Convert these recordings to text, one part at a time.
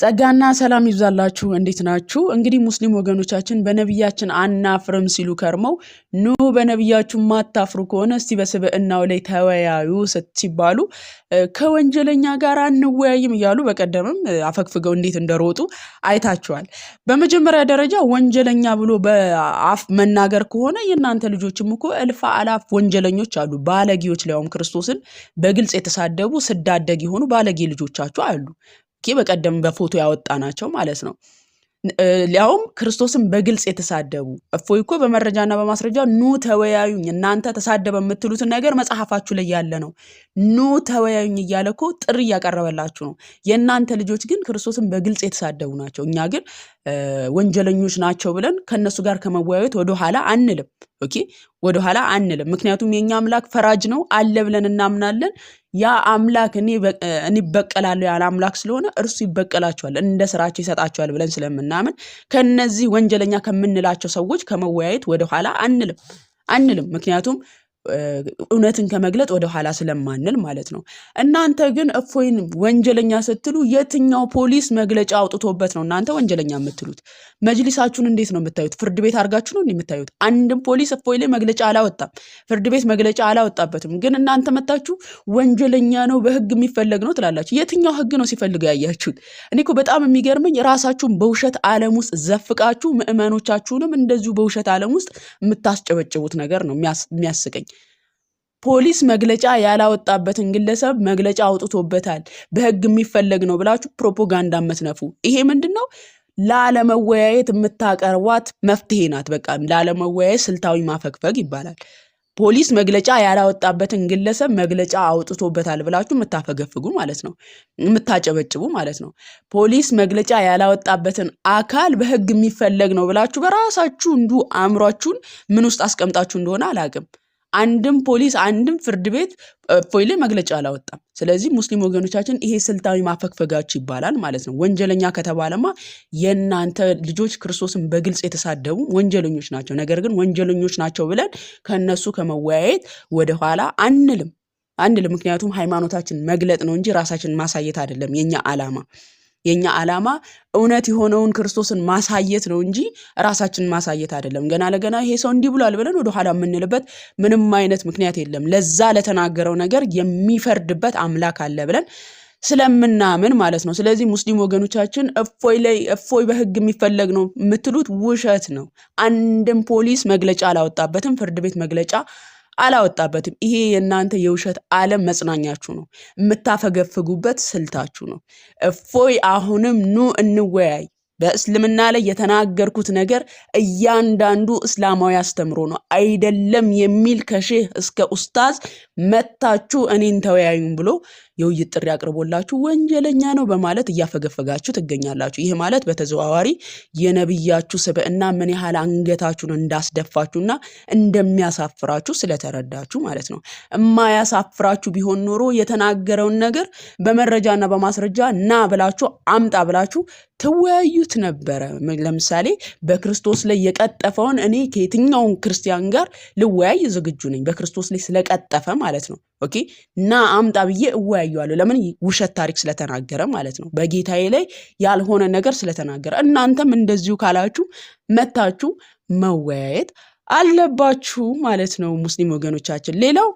ጸጋና ሰላም ይብዛላችሁ። እንዴት ናችሁ? እንግዲህ ሙስሊም ወገኖቻችን በነቢያችን አናፍርም ሲሉ ከርመው ኑ በነቢያችሁ ማታፍሩ ከሆነ እስቲ በስብዕናው ላይ ተወያዩ ሲባሉ ከወንጀለኛ ጋር አንወያይም እያሉ በቀደምም አፈግፍገው እንዴት እንደሮጡ አይታችኋል። በመጀመሪያ ደረጃ ወንጀለኛ ብሎ በአፍ መናገር ከሆነ የእናንተ ልጆችም እኮ እልፍ አላፍ ወንጀለኞች አሉ፣ ባለጌዎች ሊያውም ክርስቶስን በግልጽ የተሳደቡ ስዳደግ የሆኑ ባለጌ ልጆቻችሁ አሉ። በቀደም በፎቶ ያወጣ ናቸው ማለት ነው። ሊያውም ክርስቶስን በግልጽ የተሳደቡ እፎይ እኮ በመረጃና በማስረጃ ኑ ተወያዩኝ፣ እናንተ ተሳደበ የምትሉትን ነገር መጽሐፋችሁ ላይ ያለ ነው፣ ኑ ተወያዩኝ እያለ እኮ ጥሪ እያቀረበላችሁ ነው። የእናንተ ልጆች ግን ክርስቶስን በግልጽ የተሳደቡ ናቸው። እኛ ግን ወንጀለኞች ናቸው ብለን ከእነሱ ጋር ከመወያየት ወደኋላ አንልም። ኦኬ ወደኋላ አንልም። ምክንያቱም የእኛ አምላክ ፈራጅ ነው አለ ብለን እናምናለን። ያ አምላክ እኔ እበቀላለሁ ያለ አምላክ ስለሆነ እርሱ ይበቀላቸዋል፣ እንደ ስራቸው ይሰጣቸዋል ብለን ስለምናምን ከነዚህ ወንጀለኛ ከምንላቸው ሰዎች ከመወያየት ወደኋላ አንልም አንልም። ምክንያቱም እውነትን ከመግለጥ ወደኋላ ስለማንል ማለት ነው። እናንተ ግን እፎይን ወንጀለኛ ስትሉ የትኛው ፖሊስ መግለጫ አውጥቶበት ነው እናንተ ወንጀለኛ የምትሉት? መጅሊሳችሁን እንዴት ነው የምታዩት? ፍርድ ቤት አድርጋችሁ ነው የምታዩት? አንድም ፖሊስ እፎይ ላይ መግለጫ አላወጣም፣ ፍርድ ቤት መግለጫ አላወጣበትም። ግን እናንተ መታችሁ ወንጀለኛ ነው በህግ የሚፈለግ ነው ትላላችሁ። የትኛው ህግ ነው ሲፈልግ ያያችሁት? እኔ እኮ በጣም የሚገርመኝ ራሳችሁን በውሸት ዓለም ውስጥ ዘፍቃችሁ ምዕመኖቻችሁንም እንደዚሁ በውሸት ዓለም ውስጥ የምታስጨበጭቡት ነገር ነው የሚያስቀኝ። ፖሊስ መግለጫ ያላወጣበትን ግለሰብ መግለጫ አውጥቶበታል፣ በህግ የሚፈለግ ነው ብላችሁ ፕሮፓጋንዳ መትነፉ ይሄ ምንድን ነው? ላለመወያየት የምታቀርቧት መፍትሄ ናት። በቃ ላለመወያየት ስልታዊ ማፈግፈግ ይባላል። ፖሊስ መግለጫ ያላወጣበትን ግለሰብ መግለጫ አውጥቶበታል ብላችሁ የምታፈገፍጉ ማለት ነው፣ የምታጨበጭቡ ማለት ነው። ፖሊስ መግለጫ ያላወጣበትን አካል በህግ የሚፈለግ ነው ብላችሁ በራሳችሁ እንዱ አእምሯችሁን ምን ውስጥ አስቀምጣችሁ እንደሆነ አላቅም። አንድም ፖሊስ አንድም ፍርድ ቤት እፎይ ላይ መግለጫ አላወጣም። ስለዚህ ሙስሊም ወገኖቻችን ይሄ ስልታዊ ማፈግፈጋችሁ ይባላል ማለት ነው። ወንጀለኛ ከተባለማ የእናንተ ልጆች ክርስቶስን በግልጽ የተሳደቡ ወንጀለኞች ናቸው። ነገር ግን ወንጀለኞች ናቸው ብለን ከነሱ ከመወያየት ወደኋላ አንልም አንልም። ምክንያቱም ሃይማኖታችን መግለጥ ነው እንጂ ራሳችን ማሳየት አይደለም የኛ አላማ። የኛ ዓላማ እውነት የሆነውን ክርስቶስን ማሳየት ነው እንጂ ራሳችንን ማሳየት አይደለም። ገና ለገና ይሄ ሰው እንዲህ ብሏል ብለን ወደኋላ የምንልበት ምንም አይነት ምክንያት የለም። ለዛ ለተናገረው ነገር የሚፈርድበት አምላክ አለ ብለን ስለምናምን ማለት ነው። ስለዚህ ሙስሊም ወገኖቻችን እፎይ ላይ እፎይ በህግ የሚፈለግ ነው የምትሉት ውሸት ነው። አንድም ፖሊስ መግለጫ አላወጣበትም። ፍርድ ቤት መግለጫ አላወጣበትም። ይሄ የእናንተ የውሸት ዓለም መጽናኛችሁ ነው፣ የምታፈገፍጉበት ስልታችሁ ነው። እፎይ አሁንም ኑ እንወያይ። በእስልምና ላይ የተናገርኩት ነገር እያንዳንዱ እስላማዊ አስተምሮ ነው አይደለም የሚል ከሼህ እስከ ኡስታዝ መታችሁ እኔን ተወያዩም ብሎ የውይይት ጥሪ አቅርቦላችሁ ወንጀለኛ ነው በማለት እያፈገፈጋችሁ ትገኛላችሁ። ይህ ማለት በተዘዋዋሪ የነብያችሁ ስብዕና ምን ያህል አንገታችሁን እንዳስደፋችሁና እንደሚያሳፍራችሁ ስለተረዳችሁ ማለት ነው። እማያሳፍራችሁ ቢሆን ኖሮ የተናገረውን ነገር በመረጃና በማስረጃ ና ብላችሁ አምጣ ብላችሁ ትወያዩት ነበረ። ለምሳሌ በክርስቶስ ላይ የቀጠፈውን እኔ ከየትኛውን ክርስቲያን ጋር ልወያይ ዝግጁ ነኝ፣ በክርስቶስ ላይ ስለቀጠፈ ማለት ነው። ኦኬ እና አምጣ ብዬ እወያየዋለሁ። ለምን ውሸት ታሪክ ስለተናገረ ማለት ነው። በጌታዬ ላይ ያልሆነ ነገር ስለተናገረ። እናንተም እንደዚሁ ካላችሁ መታችሁ መወያየት አለባችሁ ማለት ነው። ሙስሊም ወገኖቻችን ሌላው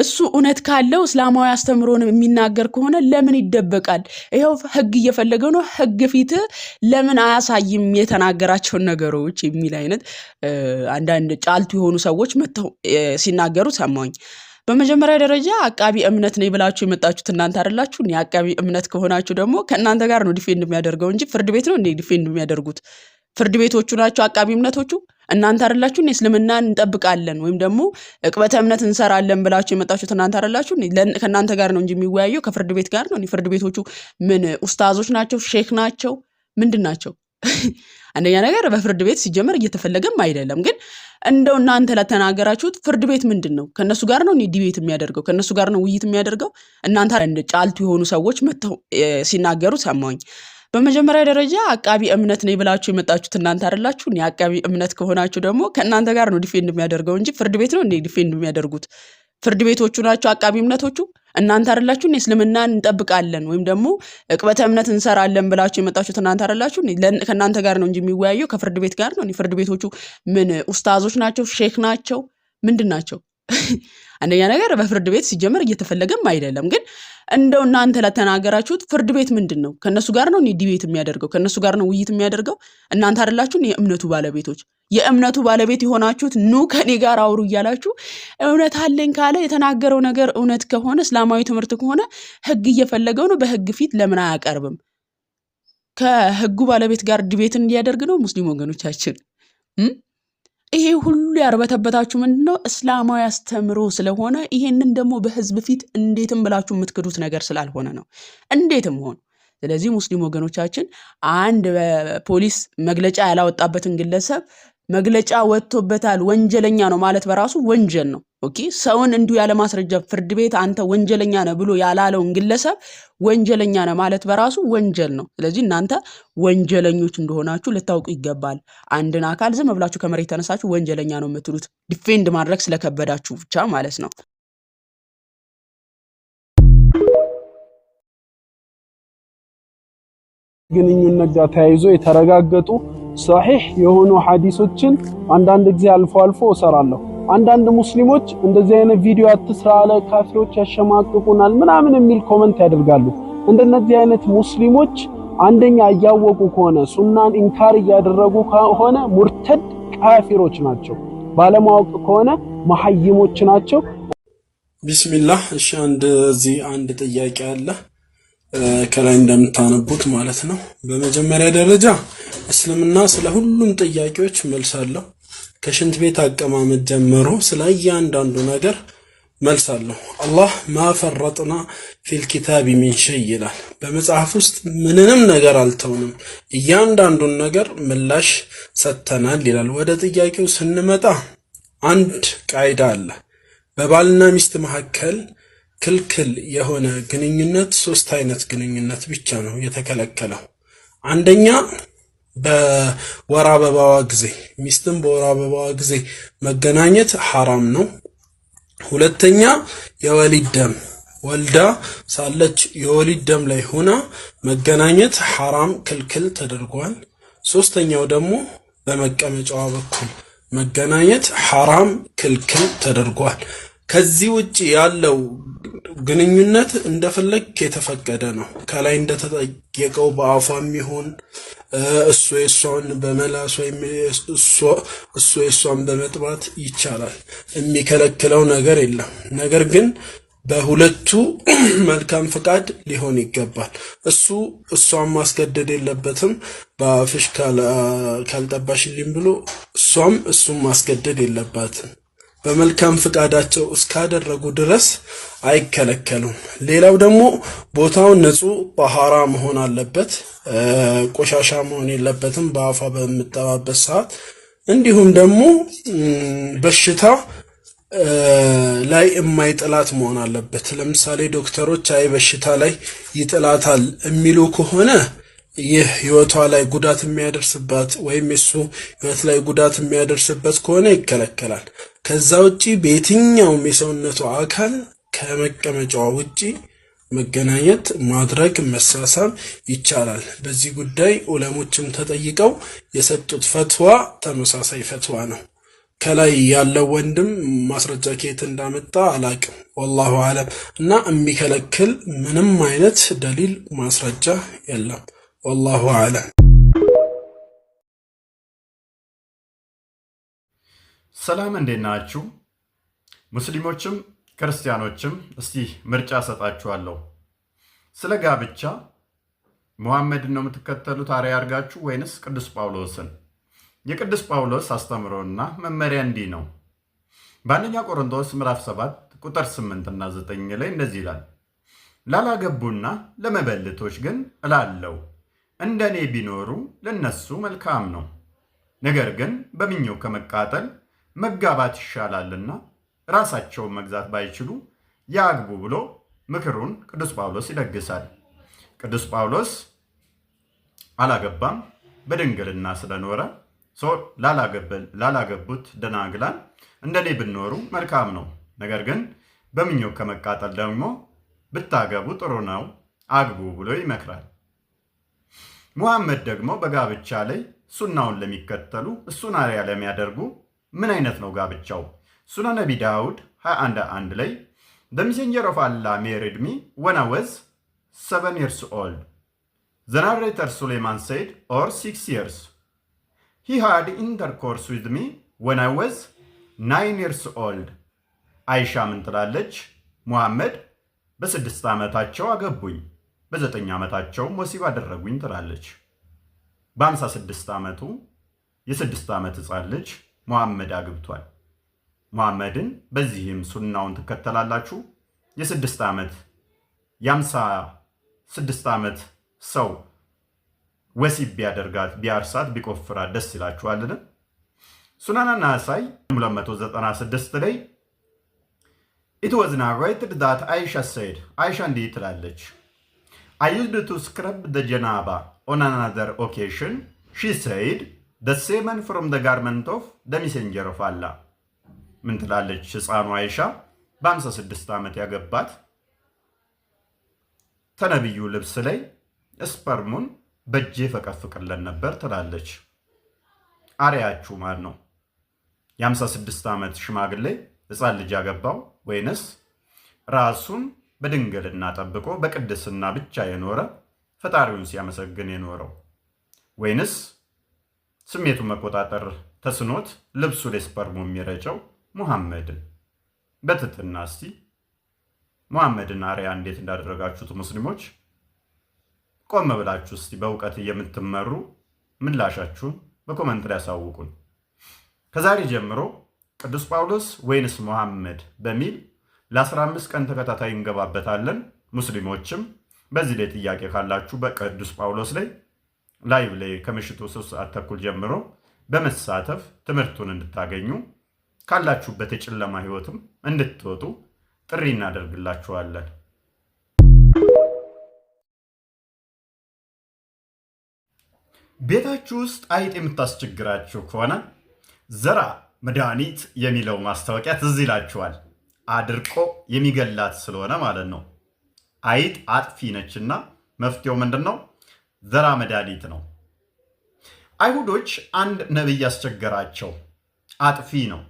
እሱ እውነት ካለው እስላማዊ አስተምሮን የሚናገር ከሆነ ለምን ይደበቃል? ይኸው ህግ እየፈለገው ነው። ህግ ፊት ለምን አያሳይም የተናገራቸውን ነገሮች የሚል አይነት አንዳንድ ጫልቱ የሆኑ ሰዎች መጥተው ሲናገሩ ሰማኝ በመጀመሪያ ደረጃ አቃቢ እምነት ነው ብላችሁ የመጣችሁት እናንተ አደላችሁ። እኔ አቃቢ እምነት ከሆናችሁ ደግሞ ከእናንተ ጋር ነው ዲፌንድ የሚያደርገው እንጂ ፍርድ ቤት ነው እንዴ ዲፌንድ የሚያደርጉት? ፍርድ ቤቶቹ ናቸው አቃቢ እምነቶቹ። እናንተ አይደላችሁ እስልምና እንጠብቃለን ወይም ደግሞ እቅበተ እምነት እንሰራለን ብላችሁ የመጣችሁት እናንተ አይደላችሁ? ከእናንተ ጋር ነው እንጂ የሚወያየው ከፍርድ ቤት ጋር ነው። ፍርድ ቤቶቹ ምን ኡስታዞች ናቸው? ሼክ ናቸው? ምንድን ናቸው? አንደኛ ነገር በፍርድ ቤት ሲጀመር እየተፈለገም አይደለም። ግን እንደው እናንተ ለተናገራችሁት ፍርድ ቤት ምንድን ነው? ከእነሱ ጋር ነው ዲቤት የሚያደርገው? ከእነሱ ጋር ነው ውይይት የሚያደርገው? እናንተ ጫልቱ የሆኑ ሰዎች መጥተው ሲናገሩ ሰማኝ። በመጀመሪያ ደረጃ አቃቢ እምነት ነኝ ብላችሁ የመጣችሁት እናንተ አደላችሁ እኔ አቃቢ እምነት ከሆናችሁ ደግሞ ከእናንተ ጋር ነው ዲፌንድ የሚያደርገው እንጂ ፍርድ ቤት ነው እንዴ ዲፌንድ የሚያደርጉት? ፍርድ ቤቶቹ ናቸው አቃቢ እምነቶቹ እናንተ አደላችሁ እኔ እስልምና እንጠብቃለን ወይም ደግሞ እቅበተ እምነት እንሰራለን ብላችሁ የመጣችሁት እናንተ አደላችሁ? ከእናንተ ጋር ነው እንጂ የሚወያየው ከፍርድ ቤት ጋር ነው። ፍርድ ቤቶቹ ምን ኡስታዞች ናቸው? ሼክ ናቸው? ምንድን ናቸው? አንደኛ ነገር በፍርድ ቤት ሲጀመር እየተፈለገም አይደለም። ግን እንደው እናንተ ለተናገራችሁት ፍርድ ቤት ምንድን ነው? ከእነሱ ጋር ነው ዲቤት የሚያደርገው? ከእነሱ ጋር ነው ውይይት የሚያደርገው? እናንተ አደላችሁ የእምነቱ ባለቤቶች? የእምነቱ ባለቤት የሆናችሁት ኑ ከኔ ጋር አውሩ እያላችሁ እውነት አለኝ ካለ የተናገረው ነገር እውነት ከሆነ እስላማዊ ትምህርት ከሆነ ህግ እየፈለገው ነው። በህግ ፊት ለምን አያቀርብም? ከህጉ ባለቤት ጋር ዲቤትን እንዲያደርግ ነው ሙስሊም ወገኖቻችን ሁሉ ያርበተበታችሁ ምንድነው እስላማዊ አስተምሮ ስለሆነ ይሄንን ደግሞ በህዝብ ፊት እንዴትም ብላችሁ የምትክዱት ነገር ስላልሆነ ነው። እንዴትም ሆኑ። ስለዚህ ሙስሊም ወገኖቻችን አንድ ፖሊስ መግለጫ ያላወጣበትን ግለሰብ መግለጫ ወጥቶበታል ወንጀለኛ ነው ማለት በራሱ ወንጀል ነው። ኦኬ ሰውን እንዲሁ ያለማስረጃ ፍርድ ቤት አንተ ወንጀለኛ ነህ ብሎ ያላለውን ግለሰብ ወንጀለኛ ነህ ማለት በራሱ ወንጀል ነው። ስለዚህ እናንተ ወንጀለኞች እንደሆናችሁ ልታውቁ ይገባል። አንድን አካል ዝም ብላችሁ ከመሬት ተነሳችሁ ወንጀለኛ ነው የምትሉት ዲፌንድ ማድረግ ስለከበዳችሁ ብቻ ማለት ነው። ግንኙነት ጋር ተያይዞ የተረጋገጡ ሰሒህ የሆኑ ሐዲሶችን አንዳንድ ጊዜ አልፎ አልፎ እሰራለሁ። አንዳንድ ሙስሊሞች እንደዚህ አይነት ቪዲዮ አትስራ አለ ካፊሮች ያሸማቅቁናል ምናምን የሚል ኮመንት ያደርጋሉ። እንደነዚህ አይነት ሙስሊሞች አንደኛ እያወቁ ከሆነ ሱናን ኢንካር እያደረጉ ከሆነ ሙርተድ ካፊሮች ናቸው። ባለማወቅ ከሆነ መሐይሞች ናቸው። ቢስሚላህ። እሺ፣ አንድ አንድ ጥያቄ አለ። ከላይ እንደምታነቡት ማለት ነው። በመጀመሪያ ደረጃ እስልምና ስለ ሁሉም ጥያቄዎች መልስ አለው። ከሽንት ቤት አቀማመጥ ጀምሮ ስለ እያንዳንዱ ነገር መልስ አለው። አላህ ማፈረጥና ፊል ኪታብ ሚን ሸይ ይላል። በመጽሐፍ ውስጥ ምንንም ነገር አልተውንም፣ እያንዳንዱን ነገር ምላሽ ሰጥተናል ይላል። ወደ ጥያቄው ስንመጣ አንድ ቃይዳ አለ። በባልና ሚስት መካከል ክልክል የሆነ ግንኙነት ሶስት አይነት ግንኙነት ብቻ ነው የተከለከለው። አንደኛ በወር አበባዋ ጊዜ ሚስትም በወር አበባዋ ጊዜ መገናኘት ሐራም ነው። ሁለተኛ የወሊድ ደም ወልዳ ሳለች የወሊድ ደም ላይ ሆና መገናኘት ሐራም ክልክል ተደርጓል። ሶስተኛው ደግሞ በመቀመጫዋ በኩል መገናኘት ሐራም ክልክል ተደርጓል። ከዚህ ውጭ ያለው ግንኙነት እንደፈለግ የተፈቀደ ነው። ከላይ እንደተጠየቀው በአፏ ይሁን እሱ የሷን በመላስ ወይም እሱ የሷን በመጥባት ይቻላል። የሚከለክለው ነገር የለም። ነገር ግን በሁለቱ መልካም ፍቃድ ሊሆን ይገባል። እሱ እሷን ማስገደድ የለበትም። በአፍሽ ካልጠባሽልኝ ብሎ እሷም እሱን ማስገደድ የለባትም። በመልካም ፍቃዳቸው እስካደረጉ ድረስ አይከለከሉም። ሌላው ደግሞ ቦታው ንጹህ ባህራ መሆን አለበት። ቆሻሻ መሆን የለበትም በአፏ በምጠባበት ሰዓት። እንዲሁም ደግሞ በሽታ ላይ የማይጥላት መሆን አለበት። ለምሳሌ ዶክተሮች አይ በሽታ ላይ ይጥላታል የሚሉ ከሆነ ይህ ህይወቷ ላይ ጉዳት የሚያደርስበት ወይም የሱ ህይወት ላይ ጉዳት የሚያደርስበት ከሆነ ይከለከላል። ከዛ ውጪ በየትኛውም የሰውነቱ አካል ከመቀመጫዋ ውጪ መገናኘት፣ ማድረግ፣ መሳሳም ይቻላል። በዚህ ጉዳይ ዑለሞችም ተጠይቀው የሰጡት ፈትዋ ተመሳሳይ ፈትዋ ነው። ከላይ ያለው ወንድም ማስረጃ ከየት እንዳመጣ አላቅም፣ ወላሁ አለም እና የሚከለክል ምንም አይነት ደሊል ማስረጃ የለም፣ ወላሁ አለም። ሰላም እንዴት ናችሁ? ሙስሊሞችም ክርስቲያኖችም እስቲ ምርጫ ሰጣችኋለሁ። ስለ ጋብቻ መሐመድን ነው የምትከተሉት አርአያ አድርጋችሁ ወይንስ ቅዱስ ጳውሎስን? የቅዱስ ጳውሎስ አስተምሮና መመሪያ እንዲህ ነው። በአንደኛ ቆሮንቶስ ምዕራፍ 7 ቁጥር 8 እና 9 ላይ እንደዚህ ይላል፣ ላላገቡና ለመበልቶች ግን እላለሁ እንደ እኔ ቢኖሩ ለነሱ መልካም ነው። ነገር ግን በምኞ ከመቃጠል መጋባት ይሻላልና ራሳቸውን መግዛት ባይችሉ ያግቡ ብሎ ምክሩን ቅዱስ ጳውሎስ ይለግሳል። ቅዱስ ጳውሎስ አላገባም፣ በድንግልና ስለኖረ ላላገቡት ደናግላን እንደኔ ብንኖሩ መልካም ነው። ነገር ግን በምኞ ከመቃጠል ደግሞ ብታገቡ ጥሩ ነው፣ አግቡ ብሎ ይመክራል። ሙሐመድ ደግሞ በጋብቻ ላይ ሱናውን ለሚከተሉ እሱን አርአያ ለሚያደርጉ ምን አይነት ነው ጋብቻው? ሱና ነቢ ዳውድ 21 ላይ ዘ ኦፍ አላ ሜሪድ ሚ ወን አይ ዋዝ ሰቨን ይርስ ኦልድ ዘ ናሬተር ሱሌማን ሰይድ ኦር ሲክስ ይርስ ሂ ሃድ ኢንተርኮርስ ዊዝ ሚ ወን አይ ዋዝ ናይን የርስ ኦልድ። አይሻ ምን ትላለች? ሙሐመድ በስድስት ዓመታቸው አገቡኝ፣ በዘጠኝ ዓመታቸውም ወሲብ አደረጉኝ ትላለች። በ56 ዓመቱ የስድስት ዓመት ህፃን ልጅ መሐመድ አግብቷል። መሐመድን በዚህም ሱናውን ትከተላላችሁ? የስድስት ዓመት የአምሳ ስድስት ዓመት ሰው ወሲብ ቢያደርጋት ቢያርሳት ቢቆፍራት ደስ ይላችኋልን? ሱናና ናሳይ 296 ላይ ኢትወዝና ራይትድ ዳት አይሻ ሰይድ አይሻ እንዲህ ትላለች፣ አይ ቱ ስክረብ ደ ጀናባ ኦን አናዘር ኦኬሽን ሺ ሰይድ ደ ሴመን ፍሮም ደ ጋርመንት ኦፍ ደ ሜሴንጀር ኦፍ አላ ምን ትላለች ሕፃኑ አይሻ በ56 ዓመት ያገባት ተነቢዩ ልብስ ላይ ስፐርሙን በእጄ ፈቀፍቅለን ነበር ትላለች። አሪያችሁ ማን ነው? የ56 ዓመት ሽማግሌ ህፃን ልጅ ያገባው ወይንስ ራሱን በድንግልና ጠብቆ በቅድስና ብቻ የኖረ ፈጣሪውን ሲያመሰግን የኖረው ወይንስ ስሜቱ መቆጣጠር ተስኖት ልብሱ ላይ ስፐርሙ የሚረጨው ሙሐመድን በትትና እስቲ ሙሐመድን አርያ እንዴት እንዳደረጋችሁት ሙስሊሞች ቆም ብላችሁ እስቲ በእውቀት የምትመሩ ምላሻችሁን በኮመንት ላይ ያሳውቁን። ከዛሬ ጀምሮ ቅዱስ ጳውሎስ ወይንስ ሙሐመድ በሚል ለ15 ቀን ተከታታይ እንገባበታለን። ሙስሊሞችም በዚህ ላይ ጥያቄ ካላችሁ በቅዱስ ጳውሎስ ላይ ላይቭ ላይ ከምሽቱ ሶስት ሰዓት ተኩል ጀምሮ በመሳተፍ ትምህርቱን እንድታገኙ ካላችሁበት የጨለማ ህይወትም እንድትወጡ ጥሪ እናደርግላችኋለን። ቤታችሁ ውስጥ አይጥ የምታስቸግራችሁ ከሆነ ዘራ መድኃኒት የሚለው ማስታወቂያ ትዝ ይላችኋል። አድርቆ የሚገላት ስለሆነ ማለት ነው። አይጥ አጥፊ ነችና መፍትሄው ምንድን ነው? ዘራ መድኃኒት ነው። አይሁዶች አንድ ነቢይ ያስቸገራቸው አጥፊ ነው።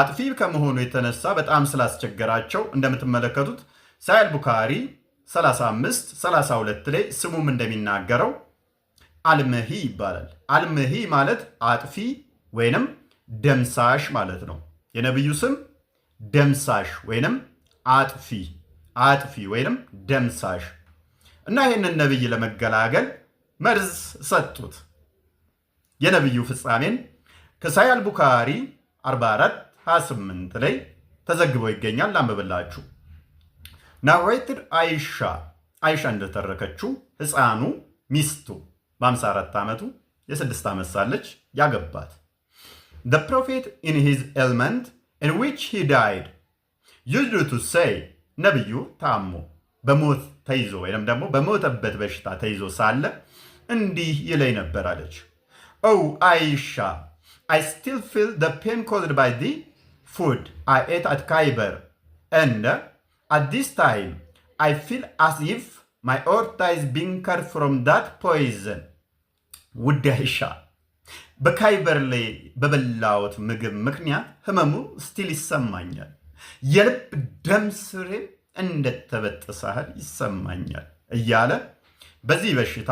አጥፊ ከመሆኑ የተነሳ በጣም ስላስቸገራቸው እንደምትመለከቱት ሳይል ቡካሪ 35 32 ላይ ስሙም እንደሚናገረው አልመሂ ይባላል። አልመሂ ማለት አጥፊ ወይንም ደምሳሽ ማለት ነው። የነቢዩ ስም ደምሳሽ ወይንም አጥፊ አጥፊ ወይንም ደምሳሽ እና ይህንን ነቢይ ለመገላገል መርዝ ሰጡት። የነቢዩ ፍጻሜን ከሳያል ቡካሪ 44 28 ላይ ተዘግቦ ይገኛል። ላንብብላችሁ። ናሬትድ አይሻ አይሻ እንደተረከችው ህፃኑ ሚስቱ በ54 ዓመቱ የ6 ዓመት ሳለች ያገባት ደ ፕሮፌት in ሂዝ ailment in ዊች ሂ ዳይድ used ቱ ሰይ ነቢዩ ታሞ በሞት ተይዞ ወይም ደግሞ በሞተበት በሽታ ተይዞ ሳለ እንዲህ ይለኝ ነበር አለች። ኦ አይሻ አይ ስቲል ፊል ዘ ፔን ኮዝድ ባይ ዲ ፉድ አይ ኤት አት ካይበር ኤንድ አት ዲስ ታይም አይ ፊል አስ ኢፍ ማይ ኦርታ ኢዝ ፍሮም ዳት ፖይዘን። ውድ አይሻ በካይበር ላይ በበላሁት ምግብ ምክንያት ህመሙ ስቲል ይሰማኛል። የልብ ደም ስሬም እንደተበጠሰ ያህል ይሰማኛል እያለ በዚህ በሽታ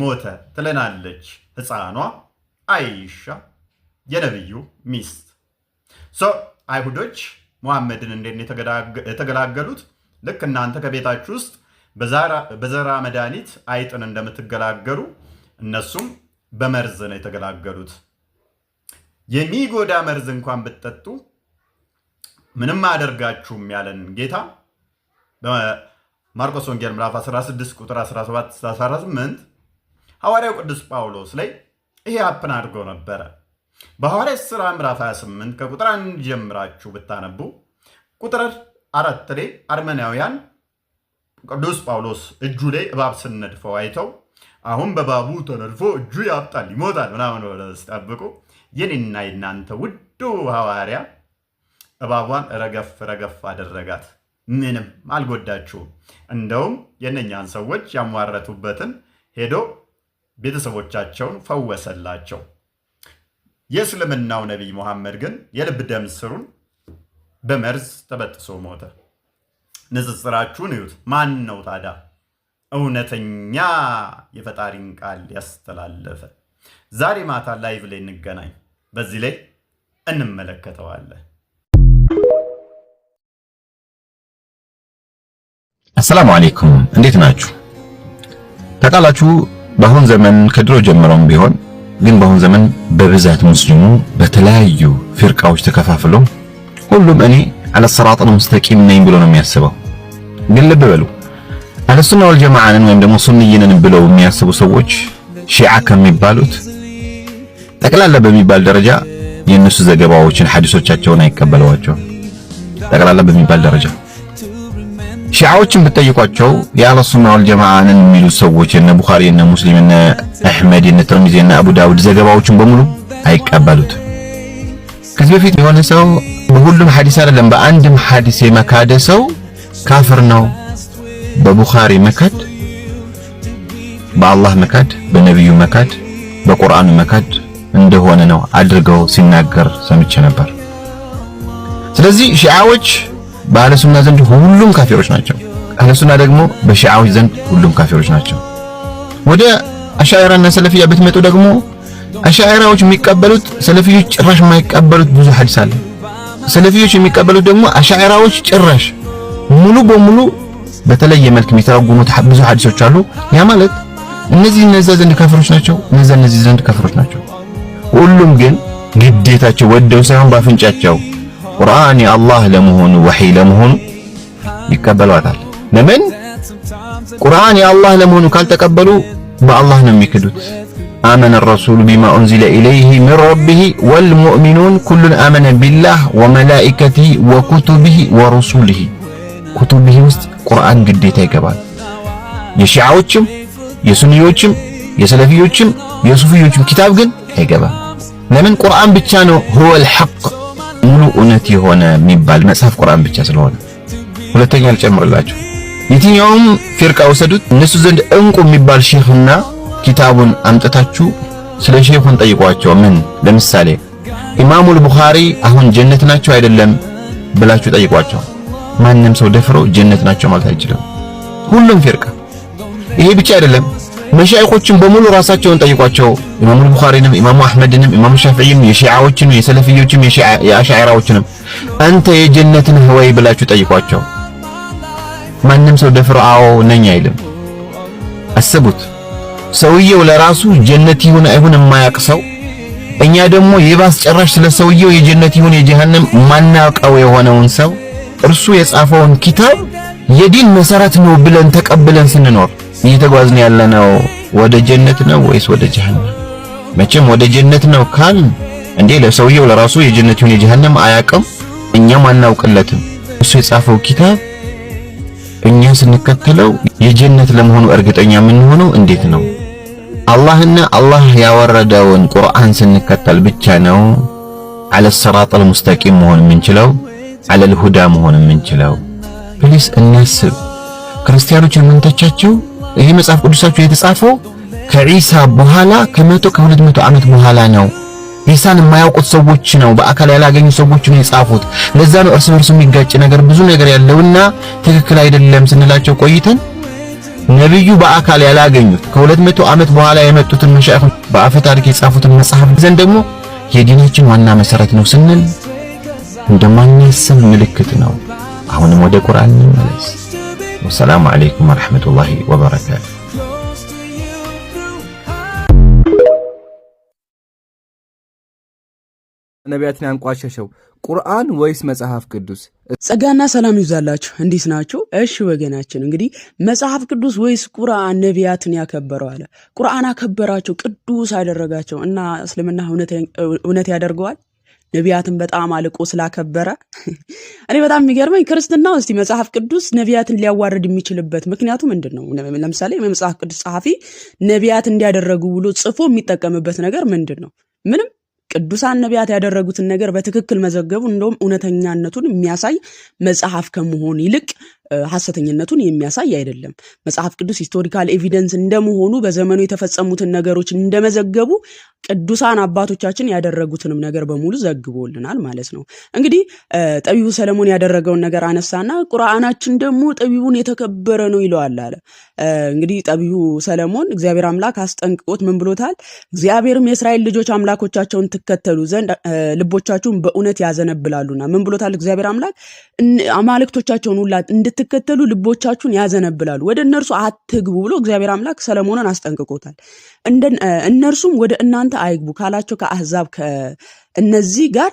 ሞተ ትለናለች ህፃኗ አይሻ የነቢዩ ሚስት። ሶ አይሁዶች መሐመድን እንዴት የተገላገሉት? ልክ እናንተ ከቤታችሁ ውስጥ በዘራ መድኃኒት አይጥን እንደምትገላገሉ እነሱም በመርዝ ነው የተገላገሉት። የሚጎዳ መርዝ እንኳን ብትጠጡ ምንም አያደርጋችሁም ያለን ጌታ በማርቆስ ወንጌል ምዕራፍ 16 ቁጥር 17 18 ሐዋርያው ቅዱስ ጳውሎስ ላይ ይሄ አፕን አድርጎ ነበረ። በሐዋርያ ሥራ ምዕራፍ 28 ከቁጥር 1 ጀምራችሁ ብታነቡ ቁጥር አራት ላይ አርመናውያን ቅዱስ ጳውሎስ እጁ ላይ እባብ ስነድፈው አይተው አሁን በባቡ ተነድፎ እጁ ያብጣል ይሞታል ምናምን ብለው ሲጠብቁ የኔና የናንተ ውዱ ሐዋርያ እባቧን ረገፍ ረገፍ አደረጋት። ምንም አልጎዳችሁም። እንደውም የእነኛን ሰዎች ያሟረቱበትን ሄዶ ቤተሰቦቻቸውን ፈወሰላቸው። የእስልምናው ነቢይ መሐመድ ግን የልብ ደም ስሩን በመርዝ ተበጥሶ ሞተ። ንጽጽራችሁን እዩት። ማን ነው ታዲያ እውነተኛ የፈጣሪን ቃል ያስተላለፈ? ዛሬ ማታ ላይቭ ላይ እንገናኝ። በዚህ ላይ እንመለከተዋለን። አሰላሙ አሌይኩም እንዴት ናችሁ? ታውቃላችሁ በአሁን ዘመን ከድሮ ጀምረውም ቢሆን ግን በአሁን ዘመን በብዛት ሙስሊሙ በተለያዩ ፊርቃዎች ተከፋፍሎ ሁሉም እኔ አለሰራጥን ሙስተቂም ነኝ ብሎ ነው የሚያስበው። ግን ልብ በሉ አለሱና ወልጀማዓንን ወይም ደግሞ ሱንይንን ብለው የሚያስቡ ሰዎች ሺዓ ከሚባሉት ጠቅላላ በሚባል ደረጃ የእነሱ ዘገባዎችን ሐዲሶቻቸውን አይቀበለዋቸውም። ጠቅላላ በሚባል ደረጃ ሺዓዎችን ብትጠይቋቸው የአለሱና ሱና የሚሉ ሰዎች እነ ቡኻሪ፣ እነ ሙስሊም፣ እነ አህመድ እነ ተርሚዚ፣ እነ አቡ ዳውድ ዘገባዎችን በሙሉ አይቀበሉት ከዚህ በፊት የሆነ ሰው በሁሉም ሐዲስ አይደለም በአንድም ሐዲስ የመካደ ሰው ካፍር ነው። በቡኻሪ መካድ፣ በአላህ መካድ፣ በነቢዩ መካድ፣ በቁርአኑ መካድ እንደሆነ ነው አድርገው ሲናገር ሰምቼ ነበር። ስለዚህ ሺዓዎች በአህለሱና ዘንድ ሁሉም ካፊሮች ናቸው። አህለሱና ደግሞ በሺዓዎች ዘንድ ሁሉም ካፊሮች ናቸው። ወደ አሻዕራና ሰለፊያ ብትመጡ ደግሞ አሻዕራዎች የሚቀበሉት ሰለፊዎች ጭራሽ የማይቀበሉት ብዙ ሐዲስ አለ። ሰለፊዎች የሚቀበሉት ደግሞ አሻዕራዎች ጭራሽ ሙሉ በሙሉ በተለየ መልክ የሚተረጉሙት ብዙ ሐዲሶች አሉ። ያ ማለት እነዚህ እነዛ ዘንድ ካፊሮች ናቸው፣ እነዛ እነዚህ ዘንድ ካፊሮች ናቸው። ሁሉም ግን ግዴታቸው ወደው ሳይሆን ባፍንጫቸው ቁርአን የአላህ ለመሆኑ ወሒይ ለመሆኑ ይቀበሏታል። ለምን ቁርአን የአላህ ለመሆኑ ካልተቀበሉ በአላህ ነው የሚክዱት። አመነ ረሱሉ ቢማ ኡንዚለ ኢለይሂ ምን ረቢሂ ወልሙእሚኑን ኩሉን አመነ ቢላህ ወመላኢከቲሂ ወኩቱቢሂ ወሩሱሊሂ። ኩቱቢሂ ውስጥ ቁርአን ግዴታ ይገባል። የሺዓዎችም የሱኒዮችም የሰለፊዮችም የሱፊዮችም ኪታብ ግን አይገባም። ለምን ቁርአን ብቻ ነው ሁወል ሐቅ ሙሉ እውነት የሆነ የሚባል መጽሐፍ ቁርአን ብቻ ስለሆነ ሁለተኛ ልጨምርላችሁ። የትኛውም ፊርቃ ወሰዱት እነሱ ዘንድ እንቁ የሚባል ሼህና ኪታቡን አምጥታችሁ ስለ ሼኹን ጠይቋቸው። ምን ለምሳሌ ኢማሙል ቡኻሪ አሁን ጀነት ናቸው አይደለም ብላችሁ ጠይቋቸው። ማንም ሰው ደፍሮ ጀነት ናቸው ማለት አይችልም። ሁሉም ፊርቃ ይሄ ብቻ አይደለም። መሻይኮችን በሙሉ ራሳቸውን ጠይቋቸው። ኢማሙ ቡኻሪንም፣ ኢማሙ አህመድንም፣ ኢማሙ ሻፊዒም፣ የሺዓዎችን የሰለፊዮችም፣ የአሻዕራዎችንም አንተ የጀነትን ህወይ ብላችሁ ጠይቋቸው። ማንም ሰው ደፍሮ አዎ ነኝ አይልም። አስቡት፣ ሰውየው ለራሱ ጀነት ይሁን አይሁን የማያቅ ሰው፣ እኛ ደግሞ የባስ ጨራሽ ስለ ሰውየው የጀነት ይሁን የጀሃነም ማናውቀው የሆነውን ሰው እርሱ የጻፈውን ኪታብ የዲን መሰረት ነው ብለን ተቀብለን ስንኖር እየተጓዝን ያለነው ወደ ጀነት ነው ወይስ ወደ ጀሃነም? መቼም ወደ ጀነት ነው ካል እንዴ ለሰውየው ለራሱ የጀነት ይሁን የጀሃነም አያውቅም፣ እኛም አናውቅለትም። እሱ የጻፈው ኪታብ እኛ ስንከተለው የጀነት ለመሆኑ እርግጠኛ የምንሆነው እንዴት ነው? አላህና አላህ ያወረደውን ቁርአን ስንከተል ብቻ ነው አለ ሰራጠል ሙስተቂም መሆን የምንችለው አለል ሁዳ መሆን የምንችለው። ፕሊስ እናስብ። ክርስቲያኖች የምንተቻቸው ይሄ መጽሐፍ ቅዱሳችሁ የተጻፈው ከዒሳ በኋላ ከመቶ ከሁለት መቶ ዓመት በኋላ ነው። ዒሳን የማያውቁት ሰዎች ነው፣ በአካል ያላገኙ ሰዎች ነው የጻፉት። ለዛ ነው እርስ በርሱ የሚጋጭ ነገር ብዙ ነገር ያለውና ትክክል አይደለም ስንላቸው ቆይተን ነብዩ በአካል ያላገኙት ከሁለት መቶ ዓመት በኋላ የመጡትን መሻይኹን በአፈ ታሪክ የጻፉትን መጽሐፍ ዘንድ ደግሞ የዲናችን ዋና መሰረት ነው ስንል እንደማንስም ምልክት ነው። አሁንም ወደ ቁርአን እንመለስ። ወሰላሙ ዓለይኩም ወረሕመቱላሂ ወበረካቱ። ነቢያትን ያንቋሸሸው ቁርአን ወይስ መጽሐፍ ቅዱስ? ጸጋና ሰላም ይዛላችሁ እንዲት ናችሁ? እሺ ወገናችን፣ እንግዲህ መጽሐፍ ቅዱስ ወይስ ቁርአን ነቢያትን ያከበረው አለ። ቁርአን አከበራቸው፣ ቅዱስ አደረጋቸው እና እስልምና እውነት ያደርገዋል? ነቢያትን በጣም አልቆ ስላከበረ እኔ በጣም የሚገርመኝ ክርስትና እስቲ መጽሐፍ ቅዱስ ነቢያትን ሊያዋርድ የሚችልበት ምክንያቱ ምንድን ነው? ለምሳሌ መጽሐፍ ቅዱስ ጸሐፊ ነቢያት እንዲያደረጉ ብሎ ጽፎ የሚጠቀምበት ነገር ምንድን ነው? ምንም። ቅዱሳን ነቢያት ያደረጉትን ነገር በትክክል መዘገቡ እንደውም እውነተኛነቱን የሚያሳይ መጽሐፍ ከመሆን ይልቅ ሀሰተኝነቱን የሚያሳይ አይደለም። መጽሐፍ ቅዱስ ሂስቶሪካል ኤቪደንስ እንደመሆኑ በዘመኑ የተፈጸሙትን ነገሮች እንደመዘገቡ ቅዱሳን አባቶቻችን ያደረጉትንም ነገር በሙሉ ዘግቦልናል ማለት ነው። እንግዲህ ጠቢቡ ሰለሞን ያደረገውን ነገር አነሳና ቁርአናችን ደግሞ ጠቢቡን የተከበረ ነው ይለዋል አለ። እንግዲህ ጠቢቡ ሰለሞን እግዚአብሔር አምላክ አስጠንቅቆት ምን ብሎታል? እግዚአብሔርም የእስራኤል ልጆች አምላኮቻቸውን ትከተሉ ዘንድ ልቦቻችሁን በእውነት ያዘነብላሉና ምን ብሎታል? እግዚአብሔር አምላክ አማልክቶቻቸውን ሁላ ብትከተሉ ልቦቻችሁን ያዘነብላሉ፣ ወደ እነርሱ አትግቡ ብሎ እግዚአብሔር አምላክ ሰለሞንን አስጠንቅቆታል። እነርሱም ወደ እናንተ አይግቡ ካላቸው ከአህዛብ ከእነዚህ ጋር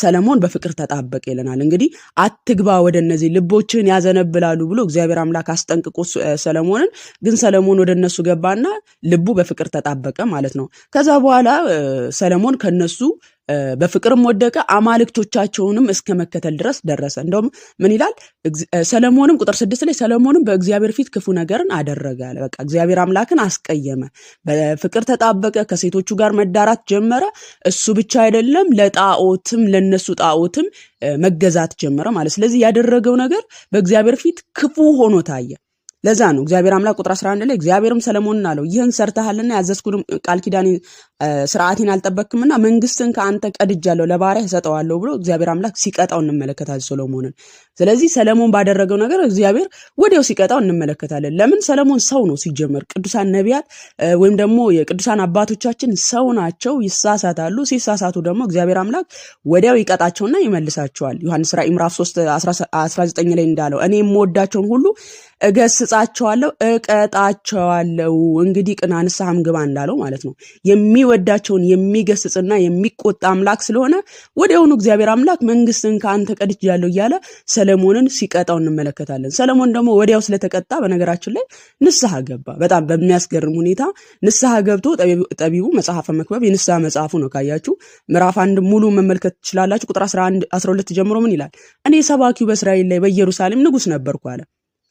ሰለሞን በፍቅር ተጣበቀ ይለናል። እንግዲህ አትግባ ወደ እነዚህ ልቦችን ያዘነብላሉ ብሎ እግዚአብሔር አምላክ አስጠንቅቆ ሰለሞንን፣ ግን ሰለሞን ወደ እነሱ ገባና ልቡ በፍቅር ተጣበቀ ማለት ነው። ከዛ በኋላ ሰለሞን ከነሱ በፍቅርም ወደቀ አማልክቶቻቸውንም እስከ መከተል ድረስ ደረሰ። እንደውም ምን ይላል ሰለሞንም ቁጥር ስድስት ላይ ሰለሞንም በእግዚአብሔር ፊት ክፉ ነገርን አደረገ። በቃ እግዚአብሔር አምላክን አስቀየመ፣ በፍቅር ተጣበቀ፣ ከሴቶቹ ጋር መዳራት ጀመረ። እሱ ብቻ አይደለም ለጣዖትም ለነሱ ጣዖትም መገዛት ጀመረ ማለት። ስለዚህ ያደረገው ነገር በእግዚአብሔር ፊት ክፉ ሆኖ ታየ። ለዛ ነው እግዚአብሔር አምላክ ቁጥር 11 ላይ እግዚአብሔርም ሰለሞንን አለው ይህን ሰርተሃልና ያዘዝኩንም ቃል ኪዳን ስርዓቴን አልጠበክምና መንግስትን ከአንተ ቀድጃለሁ ለባሪያ እሰጠዋለሁ ብሎ እግዚአብሔር አምላክ ሲቀጣው እንመለከታለን ሰሎሞንን። ስለዚህ ሰለሞን ባደረገው ነገር እግዚአብሔር ወዲያው ሲቀጣው እንመለከታለን። ለምን? ሰለሞን ሰው ነው ሲጀመር። ቅዱሳን ነቢያት ወይም ደግሞ የቅዱሳን አባቶቻችን ሰው ናቸው፣ ይሳሳታሉ። ሲሳሳቱ ደግሞ እግዚአብሔር አምላክ ወዲያው ይቀጣቸውና ይመልሳቸዋል። ዮሐንስ ራእይ ምዕራፍ 3 19 ላይ እንዳለው እኔ የምወዳቸውን ሁሉ እገስጻቸዋለሁ፣ እቀጣቸዋለሁ። እንግዲህ ቅና ንስሐም ግባ እንዳለው ማለት ነው የሚ የሚወዳቸውን የሚገስጽና የሚቆጣ አምላክ ስለሆነ ወዲያውኑ እግዚአብሔር አምላክ መንግስትን ከአንተ ቀድጃለሁ እያለ ሰለሞንን ሲቀጣው እንመለከታለን። ሰለሞን ደግሞ ወዲያው ስለተቀጣ በነገራችን ላይ ንስሐ ገባ። በጣም በሚያስገርም ሁኔታ ንስሐ ገብቶ ጠቢቡ መጽሐፈ መክበብ የንስሐ መጽሐፉ ነው። ካያችሁ ምዕራፍ አንድ ሙሉ መመልከት ትችላላችሁ። ቁጥር 11 12 ጀምሮ ምን ይላል? እኔ ሰባኪው በእስራኤል ላይ በኢየሩሳሌም ንጉስ ነበርኩ አለ።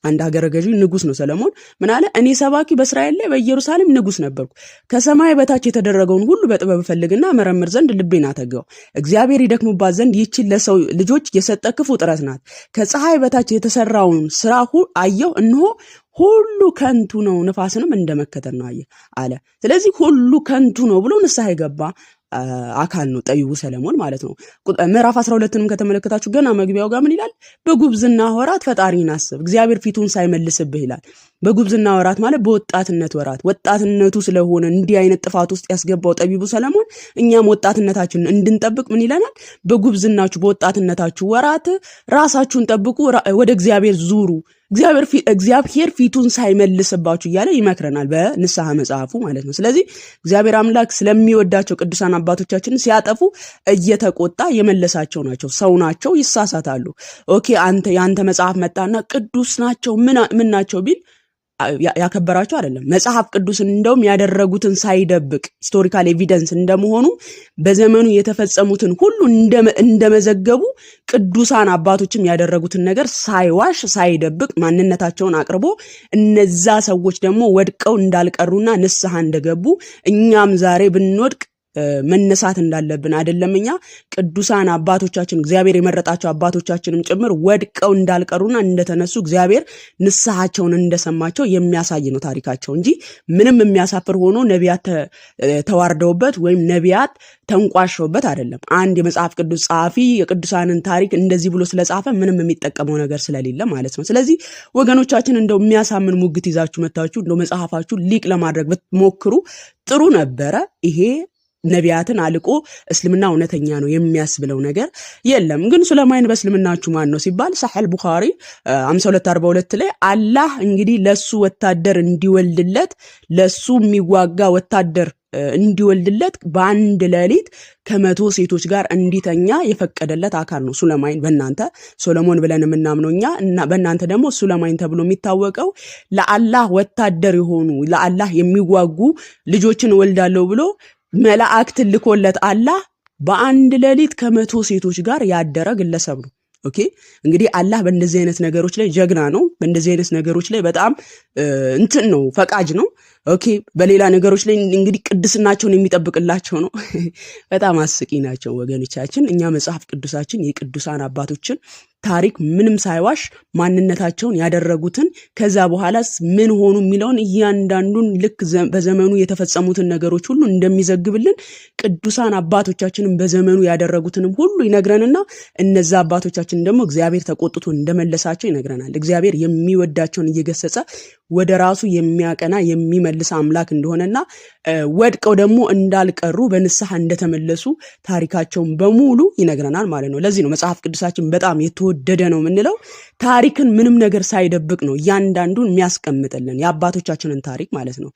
አንድ ሀገረ ገዢ ንጉስ ነው ሰለሞን ምን አለ? እኔ ሰባኪ በእስራኤል ላይ በኢየሩሳሌም ንጉስ ነበርኩ። ከሰማይ በታች የተደረገውን ሁሉ በጥበብ ፈልግና መረምር ዘንድ ልቤን አተገው። እግዚአብሔር ይደክሙባት ዘንድ ይችን ለሰው ልጆች የሰጠ ክፉ ጥረት ናት። ከፀሐይ በታች የተሰራውን ስራ አየው እንሆ ሁሉ ከንቱ ነው፣ ንፋስንም እንደመከተል ነው አየ አለ። ስለዚህ ሁሉ ከንቱ ነው ብሎ ንስሐ የገባ አካል ነው ጠቢቡ ሰለሞን ማለት ነው። ምዕራፍ አስራ ሁለትንም ከተመለከታችሁ ገና መግቢያው ጋር ምን ይላል? በጉብዝና ወራት ፈጣሪን አስብ እግዚአብሔር ፊቱን ሳይመልስብህ ይላል። በጉብዝና ወራት ማለት በወጣትነት ወራት ወጣትነቱ ስለሆነ እንዲህ አይነት ጥፋት ውስጥ ያስገባው ጠቢቡ ሰለሞን እኛም ወጣትነታችንን እንድንጠብቅ ምን ይለናል? በጉብዝናችሁ በወጣትነታችሁ ወራት ራሳችሁን ጠብቁ፣ ወደ እግዚአብሔር ዙሩ እግዚአብሔር ፊቱን ሳይመልስባችሁ እያለ ይመክረናል በንስሐ መጽሐፉ ማለት ነው። ስለዚህ እግዚአብሔር አምላክ ስለሚወዳቸው ቅዱሳን አባቶቻችን ሲያጠፉ እየተቆጣ የመለሳቸው ናቸው። ሰው ናቸው፣ ይሳሳታሉ። ኦኬ አንተ የአንተ መጽሐፍ መጣና ቅዱስ ናቸው ምን ናቸው ቢል ያከበራቸው አይደለም። መጽሐፍ ቅዱስን እንደውም ያደረጉትን ሳይደብቅ ሂስቶሪካል ኤቪደንስ እንደመሆኑ በዘመኑ የተፈጸሙትን ሁሉ እንደመዘገቡ ቅዱሳን አባቶችም ያደረጉትን ነገር ሳይዋሽ ሳይደብቅ ማንነታቸውን አቅርቦ እነዛ ሰዎች ደግሞ ወድቀው እንዳልቀሩና ንስሐ እንደገቡ እኛም ዛሬ ብንወድቅ መነሳት እንዳለብን አይደለም እኛ ቅዱሳን አባቶቻችን እግዚአብሔር የመረጣቸው አባቶቻችንም ጭምር ወድቀው እንዳልቀሩና እንደተነሱ እግዚአብሔር ንስሐቸውን እንደሰማቸው የሚያሳይ ነው ታሪካቸው እንጂ ምንም የሚያሳፍር ሆኖ ነቢያት ተዋርደውበት ወይም ነቢያት ተንቋሸውበት አይደለም። አንድ የመጽሐፍ ቅዱስ ጸሐፊ የቅዱሳንን ታሪክ እንደዚህ ብሎ ስለጻፈ ምንም የሚጠቀመው ነገር ስለሌለ ማለት ነው። ስለዚህ ወገኖቻችን እንደው የሚያሳምን ሙግት ይዛችሁ መታችሁ እንደው መጽሐፋችሁ ሊቅ ለማድረግ ብትሞክሩ ጥሩ ነበረ ይሄ ነቢያትን አልቆ እስልምና እውነተኛ ነው የሚያስብለው ነገር የለም። ግን ሱለማይን በእስልምናችሁ ማን ነው ሲባል ሳሒህ ቡኻሪ 5242 ላይ አላህ እንግዲህ ለሱ ወታደር እንዲወልድለት ለሱ የሚዋጋ ወታደር እንዲወልድለት በአንድ ሌሊት ከመቶ ሴቶች ጋር እንዲተኛ የፈቀደለት አካል ነው ሱለማይን። በእናንተ ሶሎሞን ብለን የምናምነው እኛ እና በእናንተ ደግሞ ሱለማይን ተብሎ የሚታወቀው ለአላህ ወታደር የሆኑ ለአላህ የሚዋጉ ልጆችን እወልዳለሁ ብሎ መላእክት ልኮለት አላህ በአንድ ሌሊት ከመቶ ሴቶች ጋር ያደረ ግለሰብ ነው። ኦኬ እንግዲህ አላህ በእንደዚህ አይነት ነገሮች ላይ ጀግና ነው። በእንደዚህ አይነት ነገሮች ላይ በጣም እንትን ነው፣ ፈቃጅ ነው። ኦኬ በሌላ ነገሮች ላይ እንግዲህ ቅድስናቸውን የሚጠብቅላቸው ነው። በጣም አስቂ ናቸው ወገኖቻችን። እኛ መጽሐፍ ቅዱሳችን የቅዱሳን አባቶችን ታሪክ ምንም ሳይዋሽ ማንነታቸውን ያደረጉትን ከዛ በኋላስ ምን ሆኑ የሚለውን እያንዳንዱን ልክ በዘመኑ የተፈጸሙትን ነገሮች ሁሉ እንደሚዘግብልን ቅዱሳን አባቶቻችንም በዘመኑ ያደረጉትንም ሁሉ ይነግረንና እነዛ አባቶቻችን ደግሞ እግዚአብሔር ተቆጥቶ እንደመለሳቸው ይነግረናል። እግዚአብሔር የሚወዳቸውን እየገሰጸ ወደ ራሱ የሚያቀና የሚመልስ አምላክ እንደሆነና ወድቀው ደግሞ እንዳልቀሩ በንስሐ እንደተመለሱ ታሪካቸውን በሙሉ ይነግረናል ማለት ነው። ለዚህ ነው መጽሐፍ ቅዱሳችን በጣም የተወ የወደደ ነው የምንለው። ታሪክን ምንም ነገር ሳይደብቅ ነው እያንዳንዱን የሚያስቀምጥልን የአባቶቻችንን ታሪክ ማለት ነው።